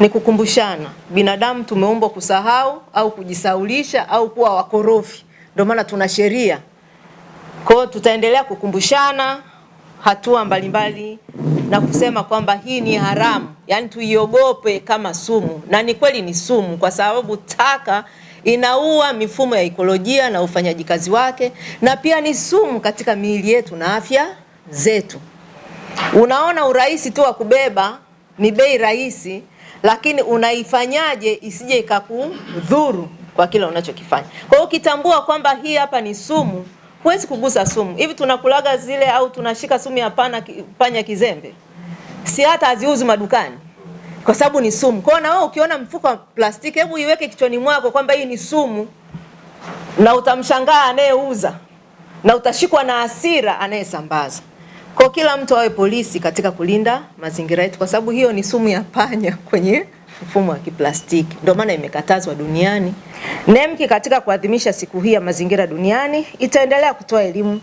ni kukumbushana, binadamu tumeumbwa kusahau au kujisaulisha au kuwa wakorofi, ndio maana tuna sheria. Kwa hiyo tutaendelea kukumbushana hatua mbalimbali mbali, na kusema kwamba hii ni haramu, yaani tuiogope kama sumu, na ni kweli ni sumu, kwa sababu taka inaua mifumo ya ikolojia na ufanyaji kazi wake, na pia ni sumu katika miili yetu na afya zetu. Unaona urahisi tu wa kubeba, ni bei rahisi lakini unaifanyaje isije ikakudhuru kwa kile unachokifanya. Kwa hiyo ukitambua kwamba hii hapa ni sumu, huwezi kugusa sumu. Hivi tunakulaga zile au tunashika sumu ya pana panya kizembe, si hata haziuzi madukani kwa sababu ni sumu. Kwa hiyo na wewe ukiona mfuko wa plastiki, hebu iweke kichwani mwako kwamba hii ni sumu, na utamshangaa anayeuza na utashikwa na hasira anayesambaza. Kwa kila mtu awe polisi katika kulinda mazingira yetu, kwa sababu hiyo ni sumu ya panya kwenye mfumo wa kiplastiki, ndio maana imekatazwa duniani. nemki katika kuadhimisha siku hii ya mazingira duniani itaendelea kutoa elimu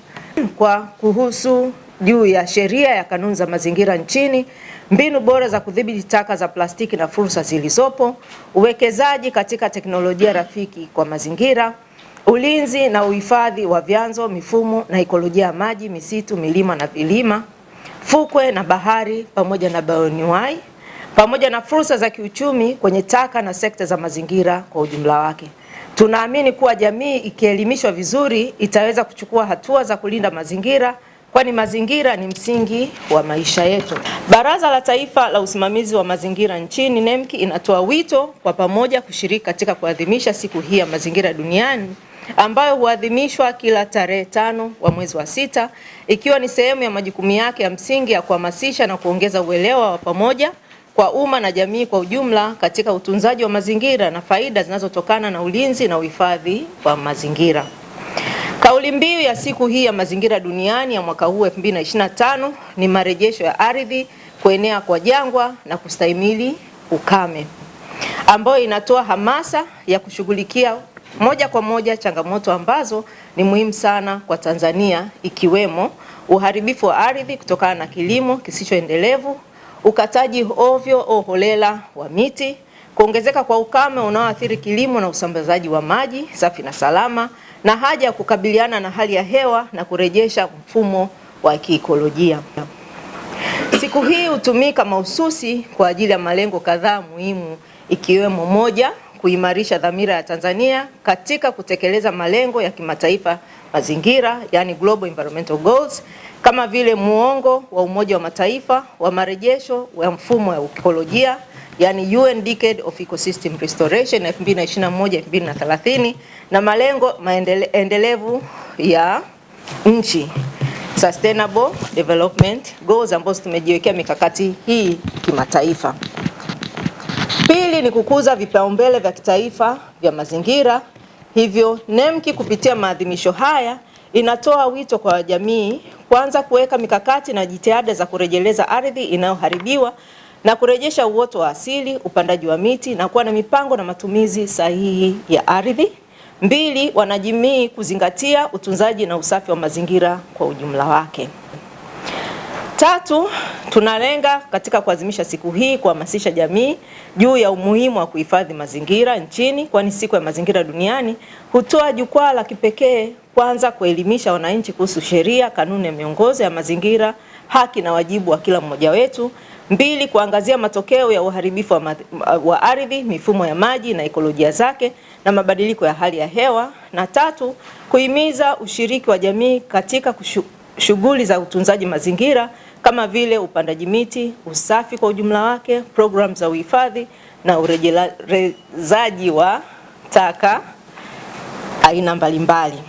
kwa kuhusu juu ya sheria ya kanuni za mazingira nchini, mbinu bora za kudhibiti taka za plastiki na fursa zilizopo, uwekezaji katika teknolojia rafiki kwa mazingira ulinzi na uhifadhi wa vyanzo, mifumo na ikolojia ya maji, misitu, milima na vilima, fukwe na bahari, pamoja na bioanuwai, pamoja na fursa za kiuchumi kwenye taka na sekta za mazingira kwa ujumla wake. Tunaamini kuwa jamii ikielimishwa vizuri itaweza kuchukua hatua za kulinda mazingira kwani mazingira ni msingi wa maisha yetu. Baraza la Taifa la Usimamizi wa Mazingira nchini NEMC inatoa wito kwa pamoja kushiriki katika kuadhimisha siku hii ya mazingira duniani ambayo huadhimishwa kila tarehe tano wa mwezi wa sita ikiwa ni sehemu ya majukumu yake ya msingi ya kuhamasisha na kuongeza uelewa wa pamoja kwa umma na jamii kwa ujumla katika utunzaji wa mazingira na faida zinazotokana na ulinzi na uhifadhi wa mazingira. Kauli mbiu ya siku hii ya mazingira duniani ya mwaka huu 2025 ni marejesho ya ardhi, kuenea kwa jangwa na kustahimili ukame, ambayo inatoa hamasa ya kushughulikia moja kwa moja changamoto ambazo ni muhimu sana kwa Tanzania ikiwemo uharibifu wa ardhi kutokana na kilimo kisichoendelevu, ukataji ovyo oholela holela wa miti, kuongezeka kwa ukame unaoathiri kilimo na usambazaji wa maji safi na salama, na haja ya kukabiliana na hali ya hewa na kurejesha mfumo wa kiikolojia. Siku hii hutumika mahususi kwa ajili ya malengo kadhaa muhimu ikiwemo moja kuimarisha dhamira ya Tanzania katika kutekeleza malengo ya kimataifa mazingira, yani Global Environmental Goals, kama vile muongo wa Umoja wa Mataifa wa marejesho wa mfumo wa ekolojia, yani UN Decade of Ecosystem Restoration 2021-2030 na malengo endelevu ya nchi Sustainable Development Goals ambazo tumejiwekea mikakati hii kimataifa. Pili ni kukuza vipaumbele vya kitaifa vya mazingira. Hivyo nemki kupitia maadhimisho haya inatoa wito kwa jamii kuanza kuweka mikakati na jitihada za kurejeleza ardhi inayoharibiwa na kurejesha uoto wa asili, upandaji wa miti na kuwa na mipango na matumizi sahihi ya ardhi. Mbili, wanajamii kuzingatia utunzaji na usafi wa mazingira kwa ujumla wake. Tatu, tunalenga katika kuadhimisha siku hii kuhamasisha jamii juu ya umuhimu wa kuhifadhi mazingira nchini, kwani siku ya mazingira duniani hutoa jukwaa la kipekee kwanza kuelimisha wananchi kuhusu sheria, kanuni na miongozo ya mazingira, haki na wajibu wa kila mmoja wetu. Mbili, kuangazia matokeo ya uharibifu wa, wa ardhi, mifumo ya maji na ekolojia zake na mabadiliko ya hali ya hewa. Na tatu, kuhimiza ushiriki wa jamii katika shughuli za utunzaji mazingira kama vile upandaji miti, usafi kwa ujumla wake, programu za uhifadhi na urejelezaji wa taka aina mbalimbali.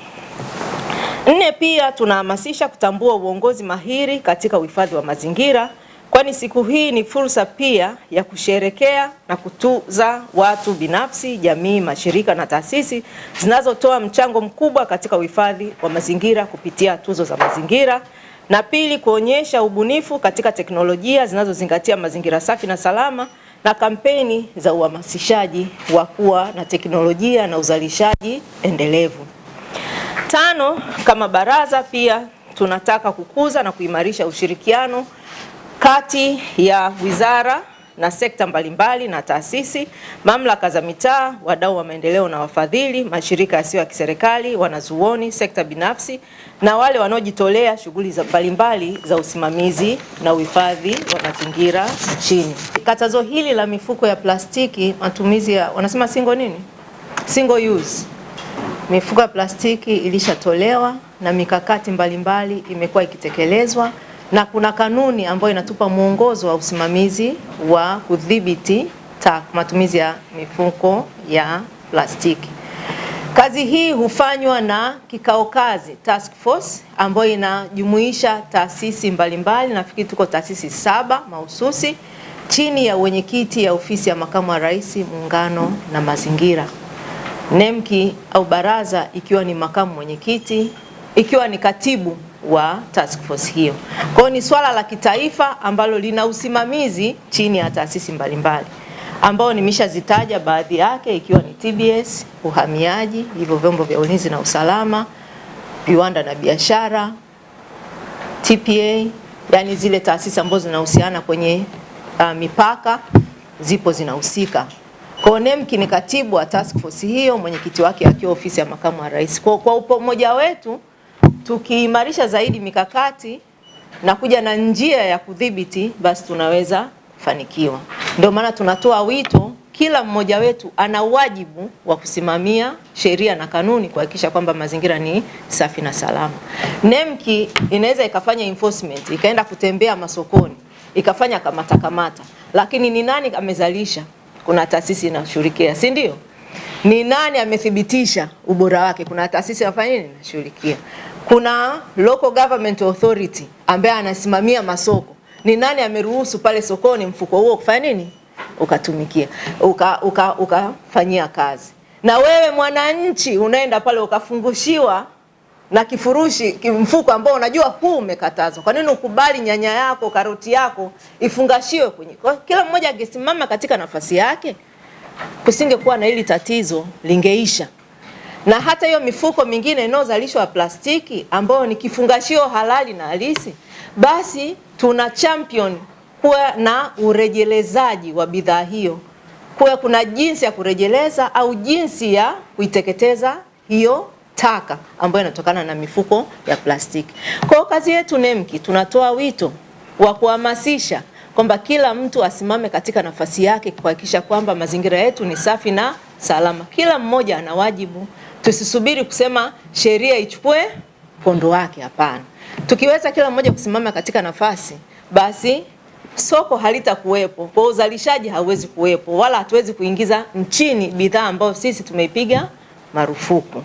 Nne, pia tunahamasisha kutambua uongozi mahiri katika uhifadhi wa mazingira, kwani siku hii ni fursa pia ya kusherekea na kutuza watu binafsi, jamii, mashirika na taasisi zinazotoa mchango mkubwa katika uhifadhi wa mazingira kupitia tuzo za mazingira na pili, kuonyesha ubunifu katika teknolojia zinazozingatia mazingira safi na salama na kampeni za uhamasishaji wa kuwa na teknolojia na uzalishaji endelevu. Tano, kama baraza pia tunataka kukuza na kuimarisha ushirikiano kati ya wizara na sekta mbalimbali na taasisi, mamlaka za mitaa, wadau wa maendeleo na wafadhili, mashirika yasiyo ya kiserikali, wanazuoni, sekta binafsi na wale wanaojitolea shughuli mbalimbali za usimamizi na uhifadhi wa mazingira nchini. Katazo hili la mifuko ya plastiki, matumizi ya wanasema single nini, single use mifuko ya plastiki ilishatolewa na mikakati mbalimbali imekuwa ikitekelezwa na kuna kanuni ambayo inatupa mwongozo wa usimamizi wa kudhibiti matumizi ya mifuko ya plastiki. Kazi hii hufanywa na kikao kazi task force ambayo inajumuisha taasisi mbalimbali, nafikiri tuko taasisi saba mahususi chini ya wenyekiti ya ofisi ya makamu wa rais muungano na mazingira, NEMKI au baraza ikiwa ni makamu mwenyekiti, ikiwa ni katibu wa task force hiyo. Kwa hiyo ni swala la kitaifa ambalo lina usimamizi chini ya taasisi mbalimbali ambao nimeshazitaja baadhi yake ikiwa ni TBS, uhamiaji, hivyo vyombo vya ulinzi na usalama, viwanda na biashara, TPA, yani zile taasisi ambazo zinahusiana kwenye uh, mipaka zipo zinahusika. Kwa NEMC ni katibu wa task force hiyo, mwenyekiti wake akiwa ofisi ya makamu wa rais. Kwa kwa upamoja wetu tukiimarisha zaidi mikakati na kuja na njia ya kudhibiti, basi tunaweza kufanikiwa. Ndio maana tunatoa wito, kila mmoja wetu ana wajibu wa kusimamia sheria na kanuni kuhakikisha kwamba mazingira ni safi na salama. nemki inaweza ikafanya enforcement, ikaenda kutembea masokoni, ikafanya kamata kamata, lakini ni nani amezalisha? Kuna taasisi inashughulikia, si ndio? Ni nani amethibitisha ubora wake? Kuna taasisi inafanya nini? Inashughulikia kuna local government authority ambaye anasimamia masoko. Ni nani ameruhusu pale sokoni mfuko huo kufanya nini, ukatumikia ukafanyia uka, uka kazi? Na wewe mwananchi unaenda pale ukafungushiwa na kifurushi mfuko ambao unajua huu umekatazwa. Kwa nini ukubali nyanya yako karoti yako ifungashiwe kwenye? Kwa kila mmoja angesimama katika nafasi yake, kusingekuwa na hili tatizo, lingeisha na hata hiyo mifuko mingine inayozalishwa ya plastiki ambayo ni kifungashio halali na halisi, basi tuna champion kuwa na urejelezaji wa bidhaa hiyo, kuwa kuna jinsi ya kurejeleza au jinsi ya kuiteketeza hiyo taka ambayo inatokana na mifuko ya plastiki. Kwa hiyo kazi yetu NEMKI, tunatoa wito wa kuhamasisha kwamba kila mtu asimame katika nafasi yake kuhakikisha kwamba mazingira yetu ni safi na salama. Kila mmoja ana wajibu Tusisubiri kusema sheria ichukue mkondo wake, hapana. Tukiweza kila mmoja kusimama katika nafasi, basi soko halitakuwepo, kwa uzalishaji hauwezi kuwepo, wala hatuwezi kuingiza nchini bidhaa ambayo sisi tumeipiga marufuku.